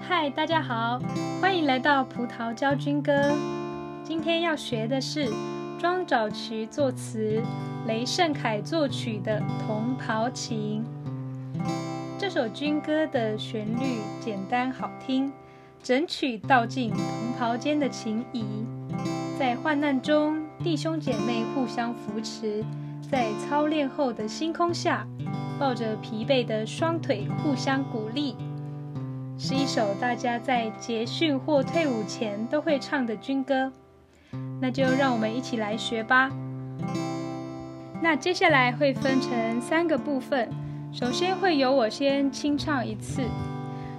嗨，大家好，歡迎來到葡萄教軍歌。今天要學的是莊沼渠作詞、雷聖凱作曲的《同袍情》。這首軍歌的旋律簡單好聽，整曲道盡同袍間的情誼。在患難中，弟兄姐妹互相扶持；在操練後的星空下，抱着疲憊的雙腿互相鼓勵，是一首大家在結訓或退伍前都會唱的軍歌。那就讓我們一起來學吧。那接下來會分成三個部分，首先會由我先清唱一次。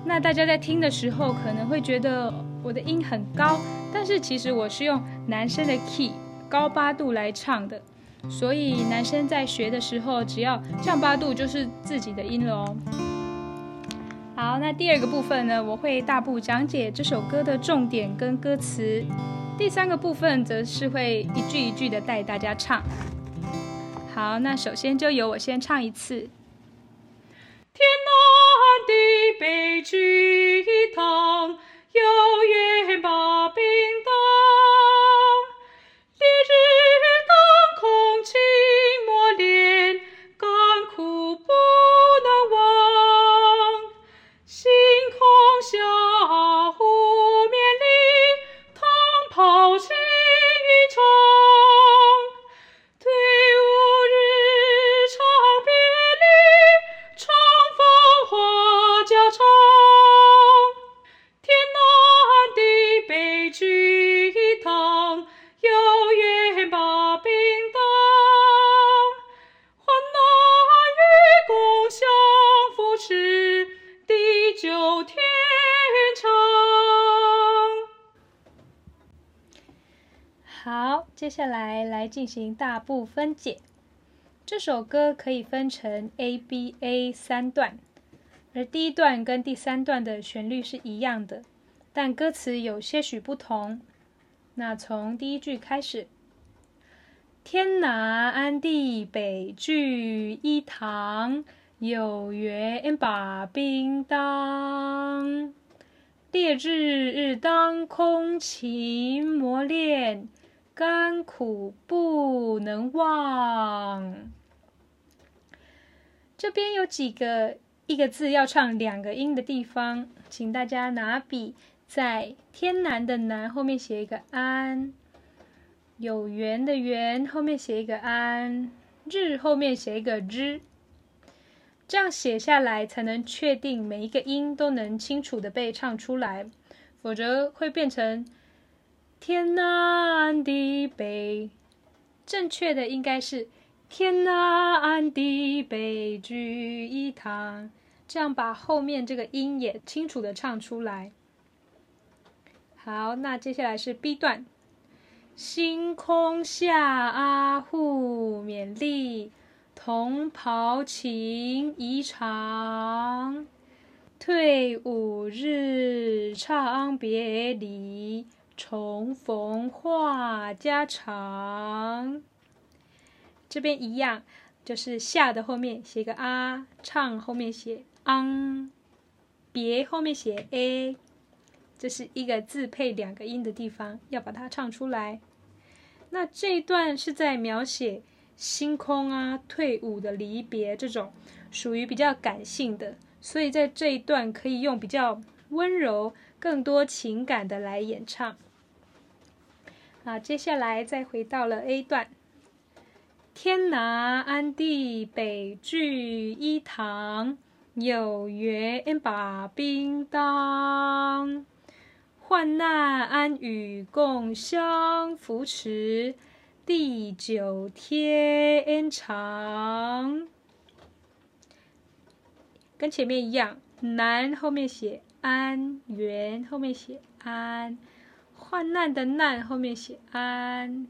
那大家在聽的時候可能會覺得我的音很高，但是其實我是用男生的 key 高八度來唱的，所以男生在學的時候，只要降八度就是自己的音了哦。好，那第二個部分呢，我會大步講解這首歌的重點跟歌詞；第三個部分則是會一句一句的帶大家唱。好，那首先就由我先唱一次。好，接下來來進行大部分解。這首歌可以分成 ABA 三段，而第一段跟第三段的旋律是一樣的，但歌詞有些許不同。那從第一句開始：天南安地北聚一堂，有緣把兵當，烈日，日當空，勤磨。甘苦不能忘。這邊有幾個一個字要唱兩個音的地方，請大家拿筆在“天南”的“南”後面寫一個“安”，“有緣”的“緣”後面寫一個“安”，“日”後面寫一個“日”。這樣寫下來，才能確定每一個音都能清楚的被唱出來，否則會變成。天南地北，正確的應該是天南地北聚一堂。這樣把後面這個音也清楚的唱出來。好，那接下來是 B 段。星空下，啊，互勉勵，同袍情誼長。退伍日，悵別離。重逢話家常，這邊一樣，就是下的後面寫個啊，唱後面寫 ang，別後面寫 a，這是一個字配兩個音的地方，要把它唱出來。那這一段是在描寫星空啊、退伍的離別這種，屬於比較感性的，所以在這一段可以用比較溫柔、更多情感的來演唱。好、啊，接下來再回到了 A 段。天南安地北聚一堂，有緣把兵當，患難安與共相扶持，地久天長。跟前面一樣，南後面寫安，緣後面寫安。患難的難後面寫安，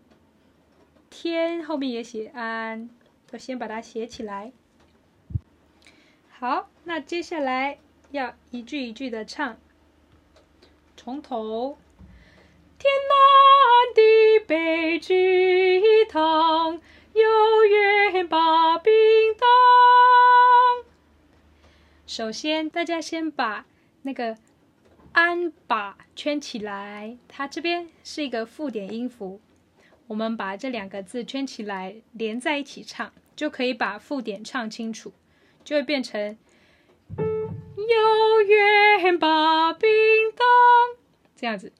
天後面也寫安，都先把它寫起來。好，那接下來要一句一句的唱，從頭。天南地北聚一堂，有緣把兵當。首先，大家先把那個。安把圈起來，它這邊是一個附點音符，我們把這兩個字圈起來連在一起唱，就可以把附點唱清楚，就會變成有緣把兵當，這樣子。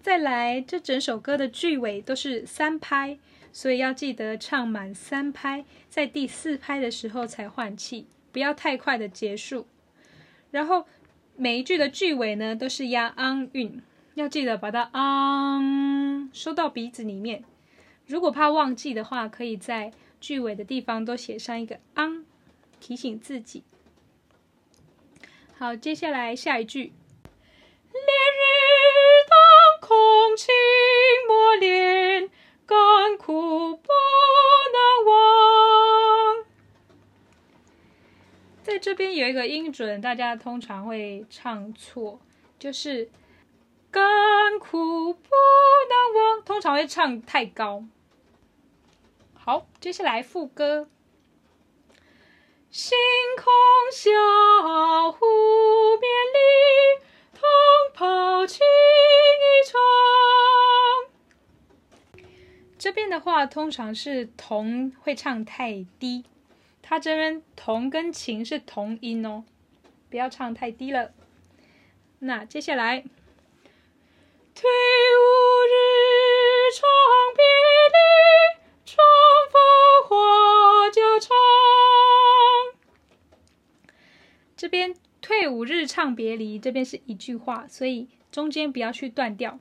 再來，這整首歌的句尾都是三拍，所以要記得唱滿三拍，在第四拍的時候才換氣，不要太快的結束。然後每一句的句尾呢，都是押 ang 韻，要記得把它 ang、嗯、收到鼻子裡面。如果怕忘記的話，可以在句尾的地方都寫上一個 ang、嗯、提醒自己。好，接下來下一句，烈日當空，勤磨練。這邊有一個音準，大家通常會唱錯，就是“甘苦不能忘”，通常會唱太高。好，接下來副歌：“星空下，互勉勵，同袍情誼長。”這邊的話，通常是同會唱太低。它這邊“同”跟“情”是同音哦，不要唱太低了。那接下來“退伍日唱別離，重逢話家常”。這邊“退伍日唱別離”，這邊是一句話，所以中間不要去斷掉。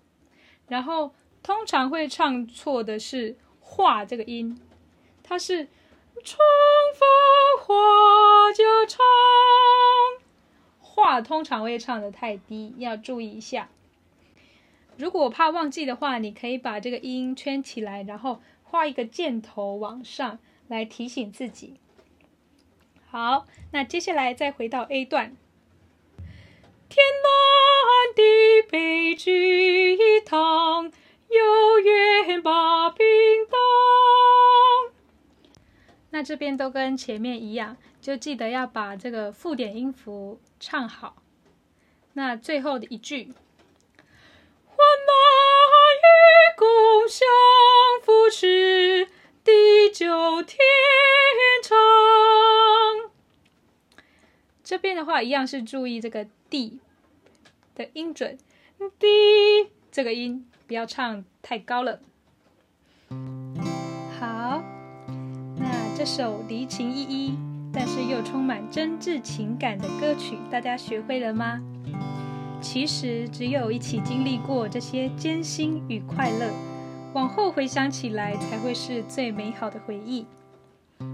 然後通常會唱錯的是“話”這個音，它是。重逢話家常，話通常會唱得太低，要注意一下。如果怕忘記的話，你可以把這個音圈起來，然後畫一個箭頭往上來提醒自己。好，那接下來再回到 A 段，天南地北聚一堂，有緣把。這邊都跟前面一樣，就記得要把這個附點音符唱好。那最後的一句，“患難與共相扶持，地久天長。”這邊的話，一樣是注意這個“ d 的音準，“ d 這個音不要唱太高了。這首離情依依，但是又充滿真摯情感的歌曲，大家學會了嗎？其實，只有一起經歷過這些艱辛與快樂，往後回想起來，才會是最美好的回憶。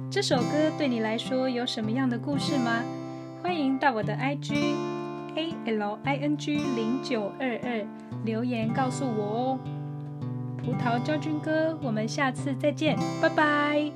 這首歌對你來說有什麼樣的故事嗎？歡迎到我的 IG ALING 零九二二留言告訴我哦。葡萄教軍歌，我們下次再見，拜拜。